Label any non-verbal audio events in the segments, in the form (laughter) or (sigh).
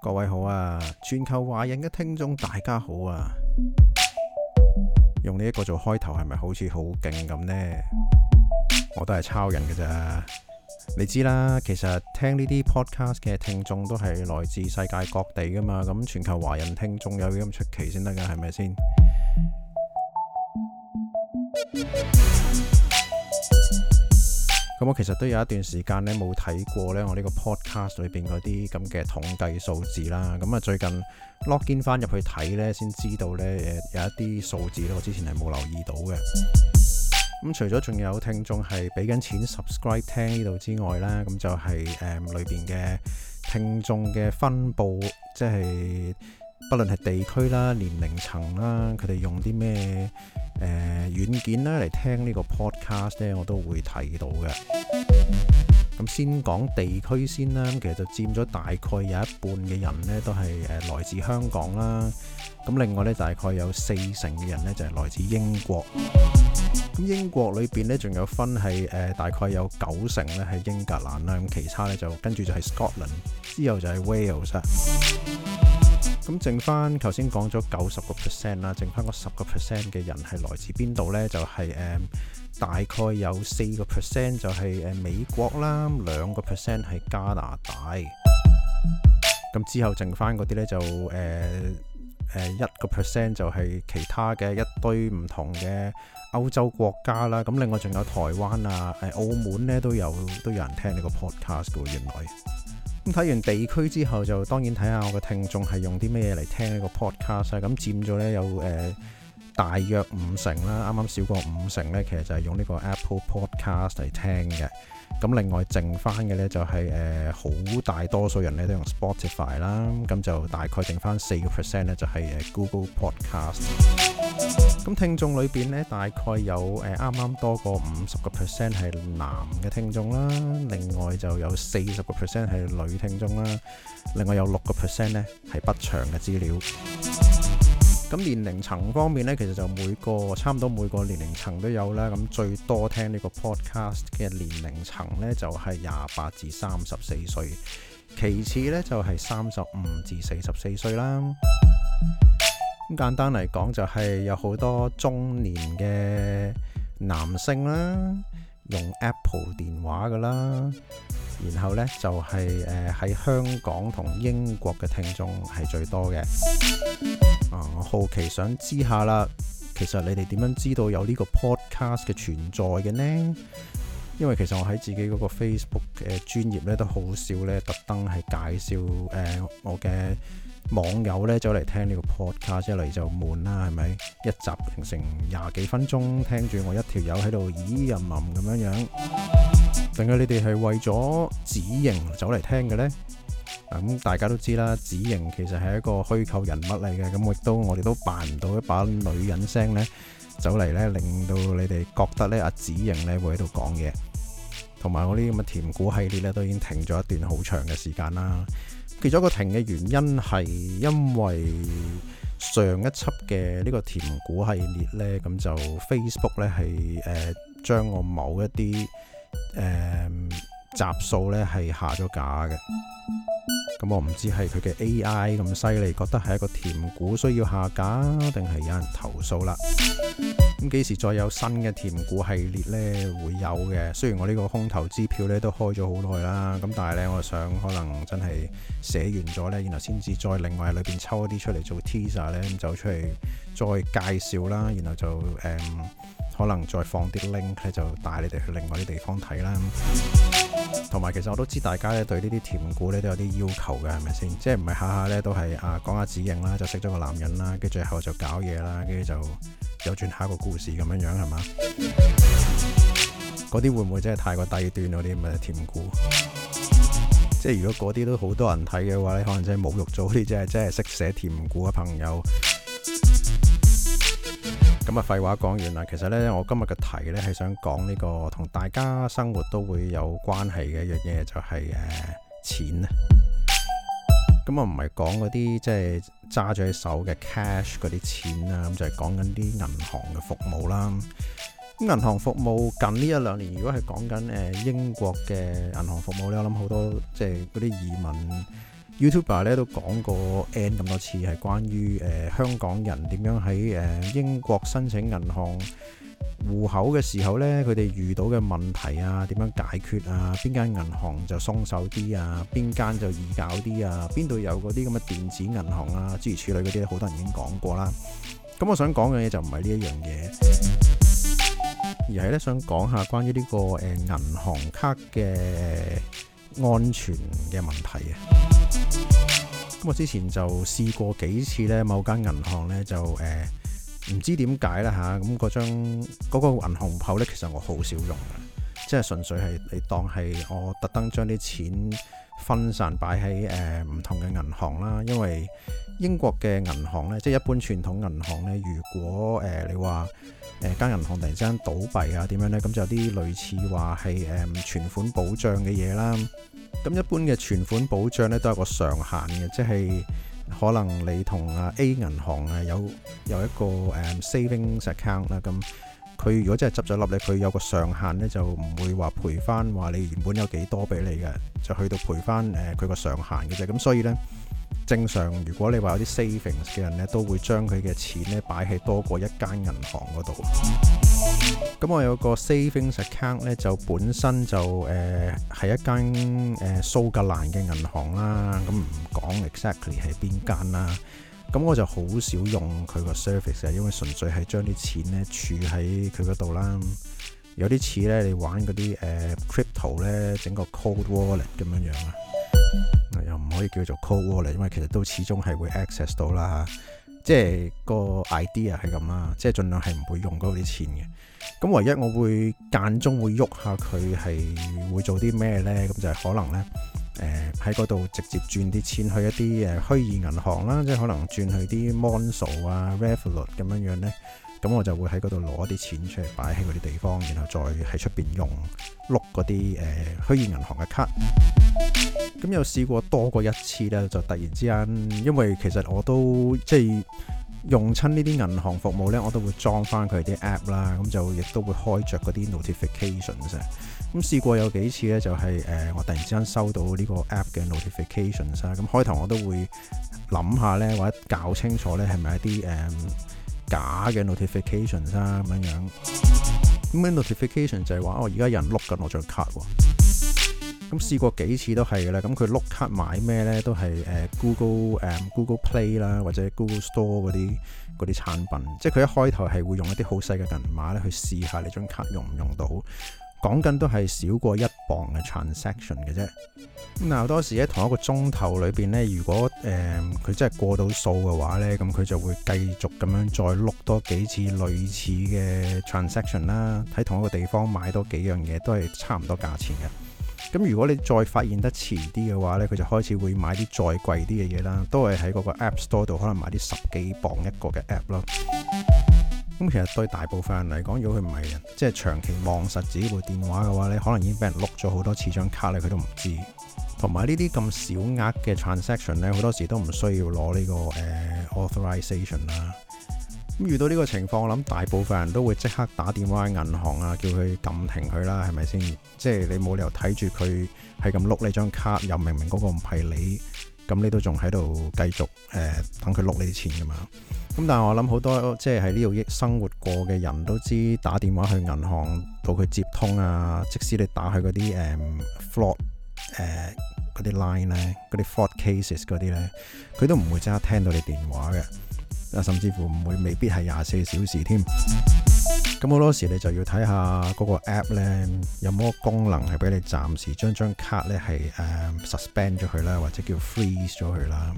各位好啊，全球華人嘅聽眾大家好啊！用呢一個做開頭係咪好似好勁咁呢？我都係抄人嘅咋？你知啦，其實聽呢啲 podcast 嘅聽眾都係來自世界各地噶嘛，咁全球華人聽眾有啲咁出奇先得噶，係咪先？咁我其實都有一段時間咧冇睇過咧，我呢個 podcast 裏邊嗰啲咁嘅統計數字啦。咁、嗯、啊，最近 login 翻入去睇咧，先知道咧誒有一啲數字咧，我之前係冇留意到嘅。咁、嗯、除咗仲有聽眾係俾緊錢 subscribe 聽呢度之外啦，咁就係誒裏邊嘅聽眾嘅分佈，即係。不論係地區啦、年齡層啦，佢哋用啲咩誒軟件咧嚟聽呢個 podcast 咧，我都會睇到嘅。咁先講地區先啦，咁其實就佔咗大概有一半嘅人咧，都係誒來自香港啦。咁另外咧，大概有四成嘅人咧就係來自英國。咁英國裏邊咧仲有分係誒，大概有九成咧係英格蘭啦，咁其他咧就跟住就係 Scotland，之後就係 Wales。咁剩翻，頭先講咗九十個 percent 啦，剩翻嗰十個 percent 嘅人係來自邊度呢？就係誒，大概有四個 percent 就係誒美國啦，兩個 percent 係加拿大。咁之後剩翻嗰啲呢，就誒誒一個 percent 就係其他嘅一堆唔同嘅歐洲國家啦。咁另外仲有台灣啊，誒澳門呢，都有都有人聽呢個 podcast 嘅，原來。睇完地區之後，就當然睇下我嘅聽眾係用啲咩嘢嚟聽呢個 Podcast。咁佔咗咧有誒大約五成啦，啱啱少過五成咧，其實就係用呢個 Apple Podcast 嚟聽嘅。咁另外剩返嘅咧就係誒好大多數人咧都用 Spotify 啦。咁就大概剩返四個 percent 咧，就係 Google Podcast。咁聽眾裏邊呢，大概有誒啱啱多過五十個 percent 係男嘅聽眾啦，另外就有四十個 percent 係女聽眾啦，另外有六個 percent 呢係不詳嘅資料。咁年齡層方面呢，其實就每個差唔多每個年齡層都有啦。咁最多聽呢個 podcast 嘅年齡層呢，就係廿八至三十四歲，其次呢就係三十五至四十四歲啦。咁簡單嚟講，就係有好多中年嘅男性啦，用 Apple 電話㗎啦。然後呢，就係誒喺香港同英國嘅聽眾係最多嘅。啊，我好奇想知下啦，其實你哋點樣知道有呢個 podcast 嘅存在嘅呢？因為其實我喺自己嗰個 Facebook 誒專業呢，都好少呢特登係介紹誒我嘅。網友咧走嚟聽呢個 podcast 嚟就悶啦，係咪？一集平成成廿幾分鐘，聽住我一條友喺度，咦？吟吟咁樣樣。定係你哋係為咗子瑩走嚟聽嘅呢，咁、嗯、大家都知啦，子瑩其實係一個虛構人物嚟嘅，咁亦都我哋都扮唔到一把女人聲呢。走嚟呢，令到你哋覺得呢，阿、啊、子瑩呢會喺度講嘢。同埋我啲咁嘅甜故系列呢，都已經停咗一段好長嘅時間啦。其中一個停嘅原因係因為上一輯嘅呢個甜股系列呢，咁就 Facebook 呢係誒、呃、將我某一啲誒、呃、集數呢係下咗架嘅。咁我唔知係佢嘅 AI 咁犀利，覺得係一個甜股需要下架，定係有人投訴啦？咁幾時再有新嘅甜股系列呢？會有嘅。雖然我呢個空頭支票呢都開咗好耐啦，咁但係呢，我就想可能真係寫完咗呢，然後先至再另外裏邊抽一啲出嚟做 teaser 咧，咁就出嚟再介紹啦。然後就誒、嗯，可能再放啲 link 咧，就帶你哋去另外啲地方睇啦。同埋，其實我都知大家咧對呢啲甜古咧都有啲要求嘅，係咪先？即係唔係下下咧都係啊講下指引啦，就識咗個男人啦，跟住最後就搞嘢啦，跟住就有轉下個故事咁樣樣係嘛？嗰啲會唔會真係太過低端嗰啲咁嘅甜古？即係如果嗰啲都好多人睇嘅話咧，可能真係侮辱咗啲，真係真係識寫甜古嘅朋友。咁啊，廢話講完啦。其實呢，我今日嘅題呢係想講呢、這個同大家生活都會有關係嘅一樣嘢，就係、是、誒、啊、錢。咁啊，唔係講嗰啲即係揸住手嘅 cash 嗰啲錢啦，咁就係講緊啲銀行嘅服務啦。咁銀行服務近呢一兩年，如果係講緊誒英國嘅銀行服務呢，我諗好多即係嗰啲移民。YouTuber 咧都講過 N 咁多次，係關於誒香港人點樣喺誒英國申請銀行戶口嘅時候咧，佢哋遇到嘅問題啊，點樣解決啊？邊間銀行就鬆手啲啊？邊間就易搞啲啊？邊度有嗰啲咁嘅電子銀行啊？諸如此類嗰啲咧，好多人都已經講過啦。咁我想講嘅嘢就唔係呢一樣嘢，而係咧想講下關於呢個誒銀行卡嘅安全嘅問題啊。咁我之前就試過幾次，某間銀行呢就誒，唔、欸、知點解啦吓，咁嗰張嗰個銀行口呢，其實我好少用，即係純粹係你當係我特登將啲錢。分散擺喺誒唔同嘅銀行啦，因為英國嘅銀行呢，即係一般傳統銀行呢，如果誒、呃、你話誒間銀行突然之間倒閉啊點樣呢？咁就有啲類似話係誒存款保障嘅嘢啦。咁一般嘅存款保障呢，都有個上限嘅，即係可能你同啊 A 銀行啊有有一個誒 savings account 啦咁。佢如果真係執咗笠咧，佢有個上限咧，就唔會話賠翻話你原本有幾多俾你嘅，就去到賠翻誒佢個上限嘅啫。咁所以呢，正常如果你話有啲 savings 嘅人呢，都會將佢嘅錢呢擺喺多過一間銀行嗰度。咁 (music) 我有個 savings account 呢，就本身就誒係、呃、一間誒、呃、蘇格蘭嘅銀行啦。咁唔講 exactly 係邊間啦。咁我就好少用佢個 surface 啊，因為純粹係將啲錢咧儲喺佢嗰度啦。有啲似咧，你玩嗰啲誒 crypto 咧，整、呃、個 cold wallet 咁樣樣啊，又唔可以叫做 cold wallet，因為其實都始終係會 access 到啦、啊。即係個 idea 係咁啦，即係儘量係唔會用嗰啲錢嘅。咁唯一我會間中會喐下佢係會做啲咩咧，咁就係可能咧。誒喺嗰度直接轉啲錢去一啲誒、呃、虛擬銀行啦，即係可能轉去啲 Monzo 啊、啊、Revolut 咁樣樣呢。咁我就會喺嗰度攞啲錢出嚟擺喺嗰啲地方，然後再喺出邊用碌嗰啲誒虛擬銀行嘅卡。咁有試過多過一次咧，就突然之間，因為其實我都即係。用親呢啲銀行服務呢，我都會裝翻佢啲 app 啦，咁就亦都會開着嗰啲 notifications，咁試過有幾次呢、就是，就係誒我突然之間收到呢個 app 嘅 notification 啦。咁開頭我都會諗下呢，或者搞清楚呢係咪一啲假嘅 notifications 咁樣樣。咁嘅 notification 就係話，我而家有人碌緊我張卡喎。咁試過幾次都係嘅咧。咁佢碌卡買咩呢？都係誒 Google Google Play 啦，或者 Google Store 嗰啲嗰啲產品。即係佢一開頭係會用一啲好細嘅銀碼咧去試下，你張卡用唔用到。講緊都係少過一磅嘅 transaction 嘅啫。咁嗱，好多時喺同一個鐘頭裏邊呢，如果誒佢、嗯、真係過到數嘅話呢，咁佢就會繼續咁樣再碌多幾次類似嘅 transaction 啦。喺同一個地方買多幾樣嘢，都係差唔多價錢嘅。咁如果你再發現得遲啲嘅話呢，佢就開始會買啲再貴啲嘅嘢啦，都係喺嗰個 App Store 度可能買啲十幾磅一個嘅 App 咯。咁其實對大部分人嚟講，如果佢唔係人即係長期望實自己部電話嘅話呢，可能已經俾人碌咗好多次張卡咧，佢都唔知。同埋呢啲咁小額嘅 transaction 呢，好多時都唔需要攞呢個誒、呃、authorization 啦。咁遇到呢個情況，我諗大部分人都會即刻打電話喺銀行啊，叫佢撳停佢啦，係咪先？即係你冇理由睇住佢係咁碌你張卡，又明明嗰個唔係你，咁你都仲喺度繼續誒、呃、等佢碌你啲錢㗎嘛？咁但係我諗好多即係喺呢度生活過嘅人都知道，打電話去銀行到佢接通啊，即使你打去嗰啲誒 fraud 誒啲 line 咧，嗰啲 fraud cases 嗰啲咧，佢都唔會即刻聽到你電話嘅。啊，甚至乎唔會，未必係廿四小時添。咁好多時你就要睇下嗰個 app 呢，有冇功能係俾你暫時將張卡呢係誒、呃、suspend 咗佢啦，或者叫 freeze 咗佢啦。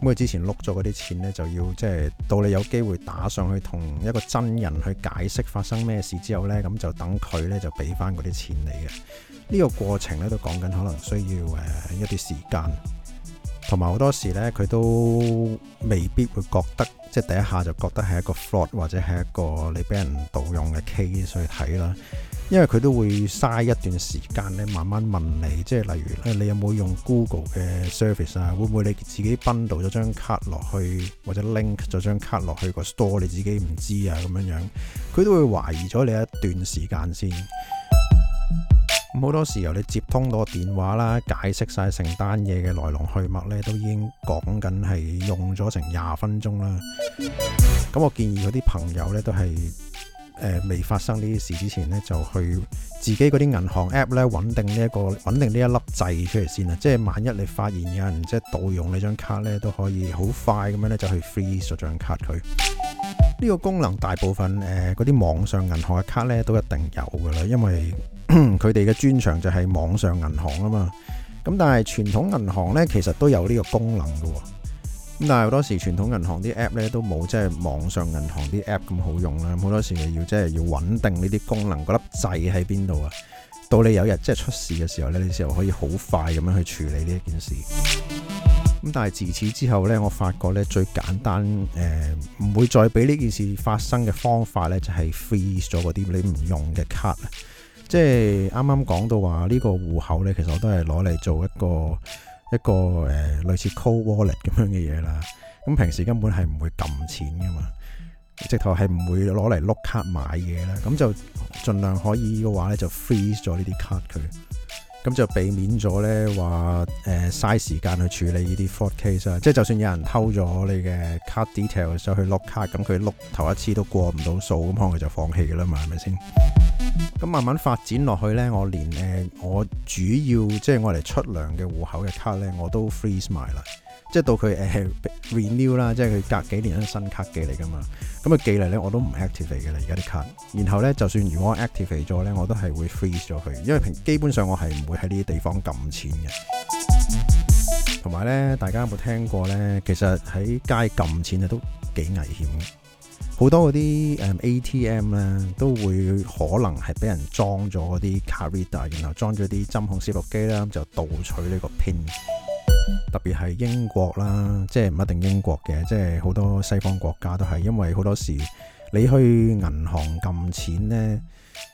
咁佢之前碌咗嗰啲錢呢，就要即係、就是、到你有機會打上去同一個真人去解釋發生咩事之後呢，咁就等佢呢就俾翻嗰啲錢你嘅。呢個過程呢，都講緊可能需要誒、呃、一啲時間。同埋好多時咧，佢都未必會覺得，即係第一下就覺得係一個 fraud 或者係一個你俾人盜用嘅 case 去睇啦。因為佢都會嘥一段時間咧，慢慢問你，即係例如誒，你有冇用 Google 嘅 service 啊？會唔會你自己崩到咗張卡落去，或者 link 咗張卡落去個 store 你自己唔知啊？咁樣樣，佢都會懷疑咗你一段時間先。好多時候你接通到個電話啦，解釋晒成單嘢嘅來龍去脈呢，都已經講緊係用咗成廿分鐘啦。咁我建議嗰啲朋友呢，都係未發生呢啲事之前呢，就去自己嗰啲銀行 app 呢，這個，搵定呢一個搵定呢一粒掣出嚟先啦。即係萬一你發現有人即係盜用你張卡呢，都可以好快咁樣呢，就去 freeze 咗張卡佢。呢個功能大部分誒嗰啲網上銀行嘅卡咧都一定有噶啦，因為佢哋嘅專長就係網上銀行啊嘛。咁但係傳統銀行咧其實都有呢個功能噶，咁但係好多時傳統銀行啲 app 咧都冇即係網上銀行啲 app 咁好用啦。咁好多時你要即係要穩定呢啲功能，嗰粒掣喺邊度啊？到你有日即係出事嘅時候咧，你就可以好快咁樣去處理呢一件事。咁但係自此之後呢，我發覺呢最簡單誒唔會再俾呢件事發生嘅方法呢，就係 freeze 咗嗰啲你唔用嘅卡。即係啱啱講到話呢個戶口呢，其實我都係攞嚟做一個一個誒類似 cold wallet 咁樣嘅嘢啦。咁平時根本係唔會撳錢噶嘛，直頭係唔會攞嚟碌卡買嘢啦。咁就儘量可以嘅話呢，就 freeze 咗呢啲卡佢。咁就避免咗呢話誒嘥時間去處理呢啲 fault case 啊！即係就算有人偷咗你嘅 card details，再去碌卡，咁佢碌頭一次都過唔到數，咁可能佢就放棄嘅啦嘛，係咪先？咁慢慢發展落去呢，我連誒我主要即係我嚟出糧嘅戶口嘅卡呢，我都 freeze 埋啦。即係到佢誒 renew 啦，即係佢隔幾年新卡寄嚟噶嘛。咁啊寄嚟咧我都唔 activate 嘅啦，而家啲卡。然後咧就算如果我 activate 咗咧，我都係會 freeze 咗佢，因為平基本上我係唔會喺呢啲地方撳錢嘅。同埋咧，大家有冇聽過咧？其實喺街撳錢啊都幾危險嘅。好多嗰啲 ATM 咧都會可能係俾人裝咗嗰啲 card reader，然後裝咗啲針孔攝錄機啦，就盜取呢個 pin。特別係英國啦，即係唔一定英國嘅，即係好多西方國家都係，因為好多時你去銀行撳錢呢，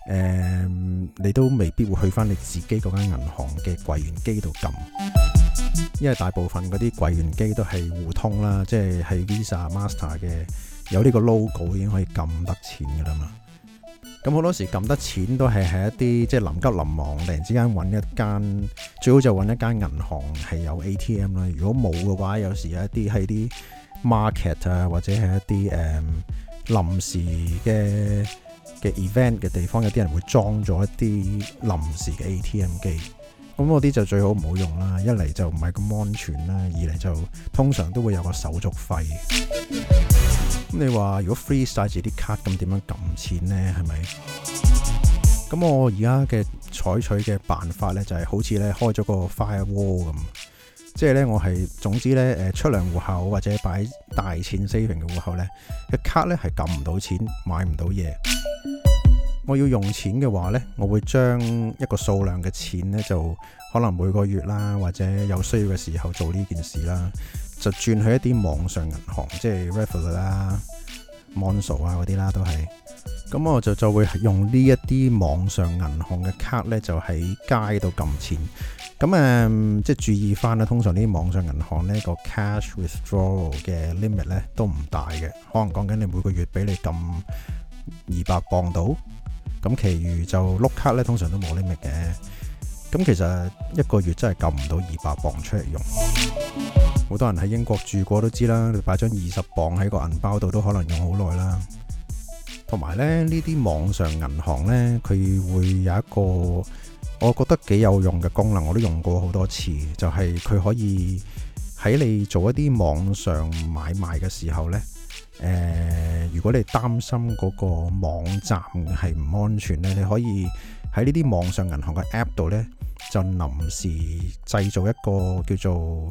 誒、嗯，你都未必會去翻你自己嗰間銀行嘅櫃員機度撳，因為大部分嗰啲櫃員機都係互通啦，即係係 Visa、Master 嘅，有呢個 logo 已經可以撳得錢噶啦嘛。咁好多時撳得錢都係喺一啲即係臨急臨忙，突然之間揾一間，最好就揾一間銀行係有 ATM 啦。如果冇嘅話，有時有一啲係啲 market 啊，或者係一啲誒、嗯、臨時嘅嘅 event 嘅地方，有啲人會裝咗一啲臨時嘅 ATM 機。咁嗰啲就最好唔好用啦，一嚟就唔係咁安全啦，二嚟就通常都會有個手續費。咁你話如果 freeze 晒住啲卡咁點樣撳錢呢？係咪？咁我而家嘅採取嘅辦法呢，就係好似呢開咗個 firewall 咁，即係呢，我係總之呢，誒出糧戶口或者擺大錢 saving 嘅戶口呢，嘅卡呢係撳唔到錢，買唔到嘢。我要用錢嘅話呢，我會將一個數量嘅錢呢，就可能每個月啦，或者有需要嘅時候做呢件事啦。就轉去一啲網上銀行，即係 Revolut 啦、Monzo 啊嗰啲啦，都係咁我就就會用呢一啲網上銀行嘅卡咧，就喺街度撳錢咁誒、嗯，即係注意翻咧。通常啲網上銀行呢個 cash withdrawal 嘅 limit 咧都唔大嘅，可能講緊你每個月俾你撳二百磅到，咁，其餘就碌卡咧，通常都冇 limit 嘅。咁其實一個月真係撳唔到二百磅出嚟用。好多人喺英國住過都知啦，你擺張二十磅喺個銀包度都可能用好耐啦。同埋咧，呢啲網上銀行咧，佢會有一個我覺得幾有用嘅功能，我都用過好多次，就係、是、佢可以喺你做一啲網上買賣嘅時候咧。呃、如果你擔心嗰個網站係唔安全咧，你可以喺呢啲網上銀行嘅 app 度咧，就臨時製造一個叫做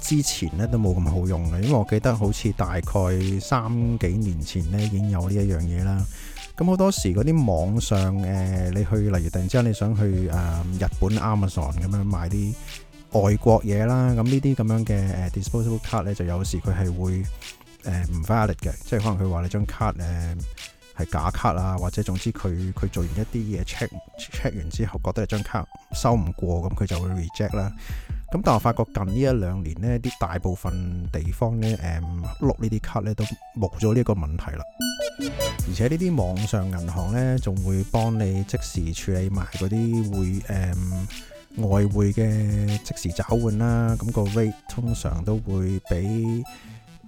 之前咧都冇咁好用嘅，因為我記得好似大概三幾年前咧已經有呢一樣嘢啦。咁好多時嗰啲網上、呃、你去例如突然之間你想去、呃、日本 Amazon 咁樣買啲外國嘢啦，咁呢啲咁樣嘅、呃、Disposable card 咧，就有時佢係會唔 valid 嘅，即係可能佢話你張卡誒係、呃、假卡啊，或者總之佢佢做完一啲嘢 check check 完之後覺得你張卡收唔過，咁佢就會 reject 啦。咁但我發覺近呢一兩年呢啲大部分地方呢，誒碌呢啲卡呢都冇咗呢個問題啦。而且呢啲網上銀行呢，仲會幫你即時處理埋嗰啲匯誒外匯嘅即時找換啦。咁個 rate 通常都會比誒、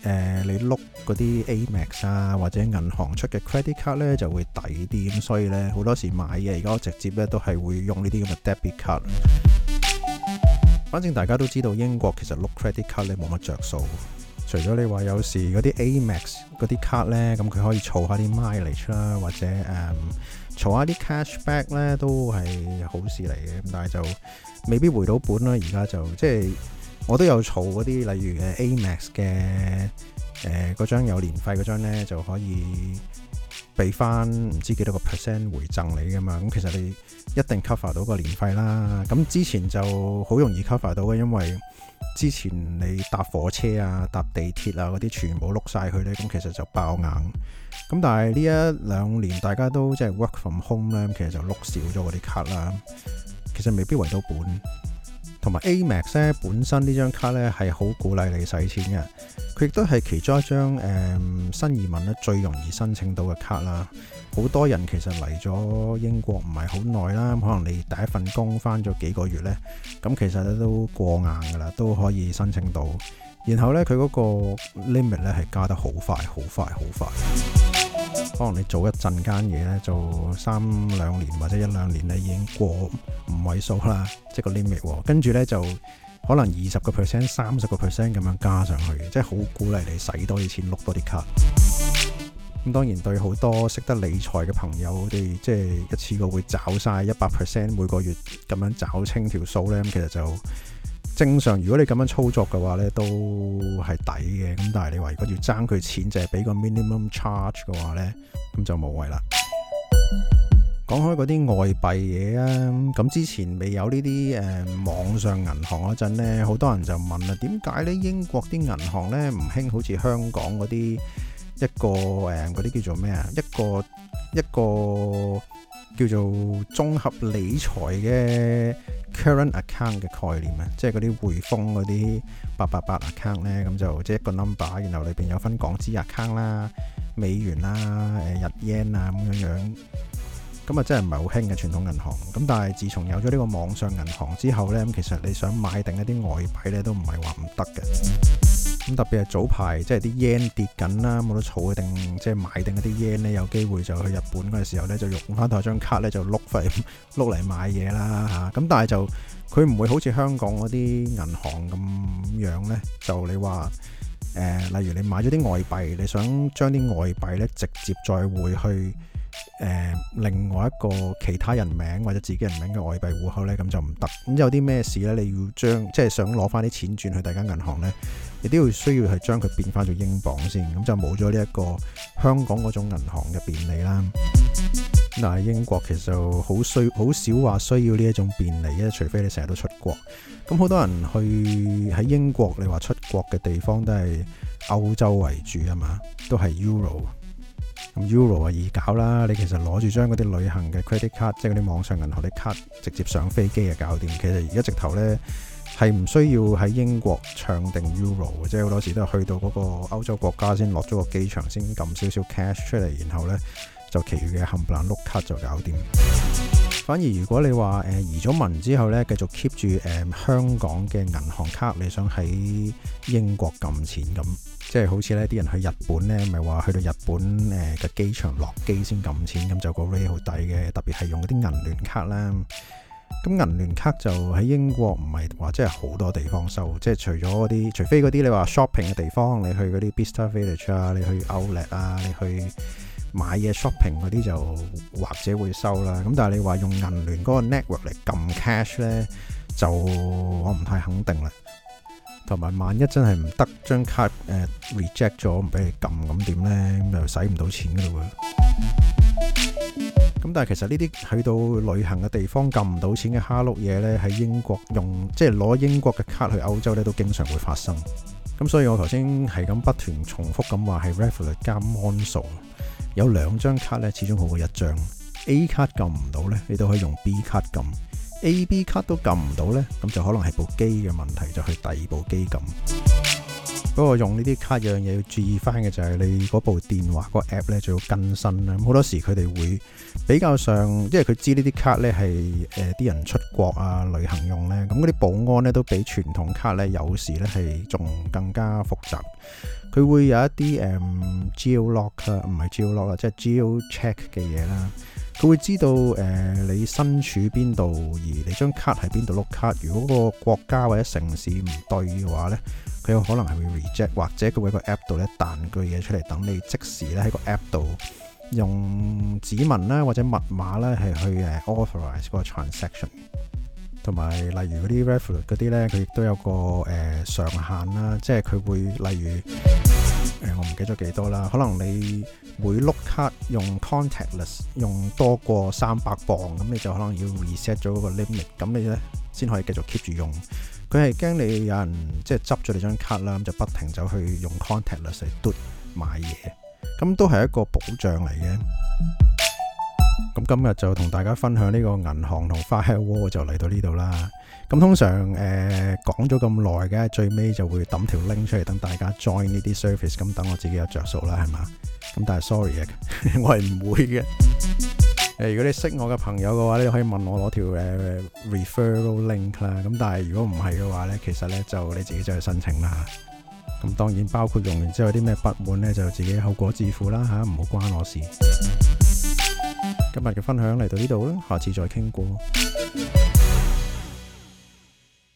呃、你碌嗰啲 Amex 啊或者銀行出嘅 credit card 呢就會抵啲。咁所以呢，好多時買嘢而家我直接呢都係會用呢啲咁嘅 debit card。反正大家都知道英國其實碌 credit card 你冇乜着數，除咗你話有時嗰啲 Amex 嗰啲卡咧，咁佢可以儲下啲 mileage 啦，或者誒儲、嗯、下啲 cashback 咧都係好事嚟嘅，咁但係就未必回到本啦。而家就即係我都有儲嗰啲，例如誒 Amex 嘅誒嗰、呃、張有年費嗰張咧就可以。俾翻唔知幾多個 percent 回贈你㗎嘛，咁其實你一定 cover 到個年費啦。咁之前就好容易 cover 到嘅，因為之前你搭火車啊、搭地鐵啊嗰啲全部碌晒佢呢，咁其實就爆硬。咁但係呢一兩年大家都即係 work from home 呢，其實就碌少咗嗰啲卡啦，其實未必回到本。同埋 Amex 咧，本身呢張卡咧，係好鼓勵你使錢嘅，佢亦都係其中一張誒、嗯、新移民咧，最容易申請到嘅卡啦。好多人其實嚟咗英國唔係好耐啦，可能你第一份工返咗幾個月咧，咁其實咧都過硬噶啦，都可以申請到。然後咧，佢嗰個 limit 咧係加得好快，好快，好快。可能你做一陣間嘢咧，做三兩年或者一兩年咧，已經過五位數啦，即係個 limit 喎。跟住咧就可能二十個 percent、三十個 percent 咁樣加上去，即係好鼓勵你使多啲錢碌多啲卡。咁當然對好多識得理財嘅朋友，我哋即係一次過會找晒一百 percent 每個月咁樣找清條數咧，咁其實就～正常如果你咁樣操作嘅話咧，都係抵嘅。咁但係你話如果要爭佢錢，就係俾個 minimum charge 嘅話咧，咁就冇謂啦。講開嗰啲外幣嘢啊，咁之前未有呢啲誒網上銀行嗰陣咧，好多人就問啦，點解咧英國啲銀行咧唔興好似香港嗰啲一個誒，嗰啲叫做咩啊，一個一個。叫做綜合理財嘅 current account 嘅概念啊，即係嗰啲匯豐嗰啲八八八 account 咧，咁就即係一個 number，然後裏邊有分港紙 account 啦、美元啦、誒日 yen 啊咁樣樣。咁啊，真係唔係好興嘅傳統銀行。咁但係自從有咗呢個網上銀行之後呢，咁其實你想買定一啲外幣呢都唔係話唔得嘅。咁特別係早排，即係啲 yen 跌緊啦，冇得儲定，即係買定一啲 yen 呢，有機會就去日本嘅時候呢，就用翻台張卡呢，就碌翻碌嚟買嘢啦吓。咁但係就佢唔會好似香港嗰啲銀行咁樣呢，就你話、呃、例如你買咗啲外幣，你想將啲外幣呢直接再匯去。誒，另外一個其他人名或者自己人名嘅外幣戶口呢，咁就唔得。咁有啲咩事呢？你要將即係想攞翻啲錢轉去第間銀行呢，你都要需要係將佢變翻做英鎊先，咁就冇咗呢一個香港嗰種銀行嘅便利啦。但嗱，英國其實好需好少話需要呢一種便利啊，除非你成日都出國。咁好多人去喺英國，你話出國嘅地方都係歐洲為主啊嘛，都係 Euro。咁 Euro 啊，易搞啦，你其實攞住張嗰啲旅行嘅 credit card，即係嗰啲網上銀行啲 d 直接上飛機啊，搞掂。其實而家直頭呢，係唔需要喺英國唱定 Euro 嘅，即係好多時都係去到嗰個歐洲國家先落咗個機場，先撳少少 cash 出嚟，然後呢，就其餘嘅冚唪唥碌卡就搞掂。反而如果你話誒移咗民之後呢，繼續 keep 住誒香港嘅銀行卡，你想喺英國撳錢咁，即係好似呢啲人去日本呢，咪話去到日本誒嘅機場落機先撳錢，咁就個 rate 好抵嘅，特別係用嗰啲銀聯卡啦。咁銀聯卡就喺英國唔係話真係好多地方收，即係除咗嗰啲，除非嗰啲你話 shopping 嘅地方，你去嗰啲 Bicester Village 啊，你去 Outlet 啊，你去。買嘢 shopping 嗰啲就或者會收啦。咁但係你話用銀聯嗰個 network 嚟撳 cash 咧，就我唔太肯定啦。同埋萬一真係唔得，張卡誒 reject 咗，唔俾你撳咁點咧，又就使唔到錢噶咯喎。咁但係其實呢啲去到旅行嘅地方撳唔到錢嘅哈碌嘢咧，喺英國用即係攞英國嘅卡去歐洲咧，都經常會發生。咁所以我頭先係咁不斷重複咁話係 Revolut 加 Monzo。有兩張卡咧，始終好過一張。A 卡撳唔到咧，你都可以用 B 卡撳。A、B 卡都撳唔到咧，咁就可能係部機嘅問題，就去第二部機撳。不過用呢啲卡有一樣嘢要注意翻嘅，就係你嗰部電話嗰個 app 咧就要更新啦。好多時佢哋會比較上，因為佢知呢啲卡咧係誒啲人出國啊、旅行用咧。咁嗰啲保安咧都比傳統卡咧有時咧係仲更加複雜。佢會有一啲誒 geo lock 啦，唔係 geo lock 啦，即係 geo check 嘅嘢啦。佢會知道誒、呃、你身處邊度，而你張卡喺邊度碌卡。如果個國家或者城市唔對嘅話咧，佢有可能係會 reject，或者佢會喺個 app 度咧彈句嘢出嚟，等你即時咧喺個 app 度用指紋啦，或者密碼啦，係去誒 authorize 個 transaction。同埋例如嗰啲 referral 啲咧，佢亦都有個誒、呃、上限啦，即係佢會例如誒、呃、我唔記咗幾多啦，可能你每碌卡用 contactless 用多過三百磅，咁你就可能要 reset 咗嗰個 limit，咁你咧先可以繼續 keep 住用。佢係驚你有人即係執咗你張卡啦，咁就不停走去用 contactless 嚟嘟買嘢，咁都係一個保障嚟嘅。咁今日就同大家分享呢個銀行同 firewall 就嚟到呢度啦。咁通常誒講咗咁耐嘅，呃、最尾就會抌條 link 出嚟，等大家 join 呢啲 service 咁等我自己有着數啦，係嘛？咁但係 sorry，我係唔會嘅。誒，如果你識我嘅朋友嘅話，你可以問我攞條誒 referral link 啦。咁但係如果唔係嘅話咧，其實咧就你自己再去申請啦。咁當然包括用完之後啲咩不滿咧，就自己後果自負啦吓，唔好關我事 (music) 今日嘅分享嚟到呢度啦，下次再傾過。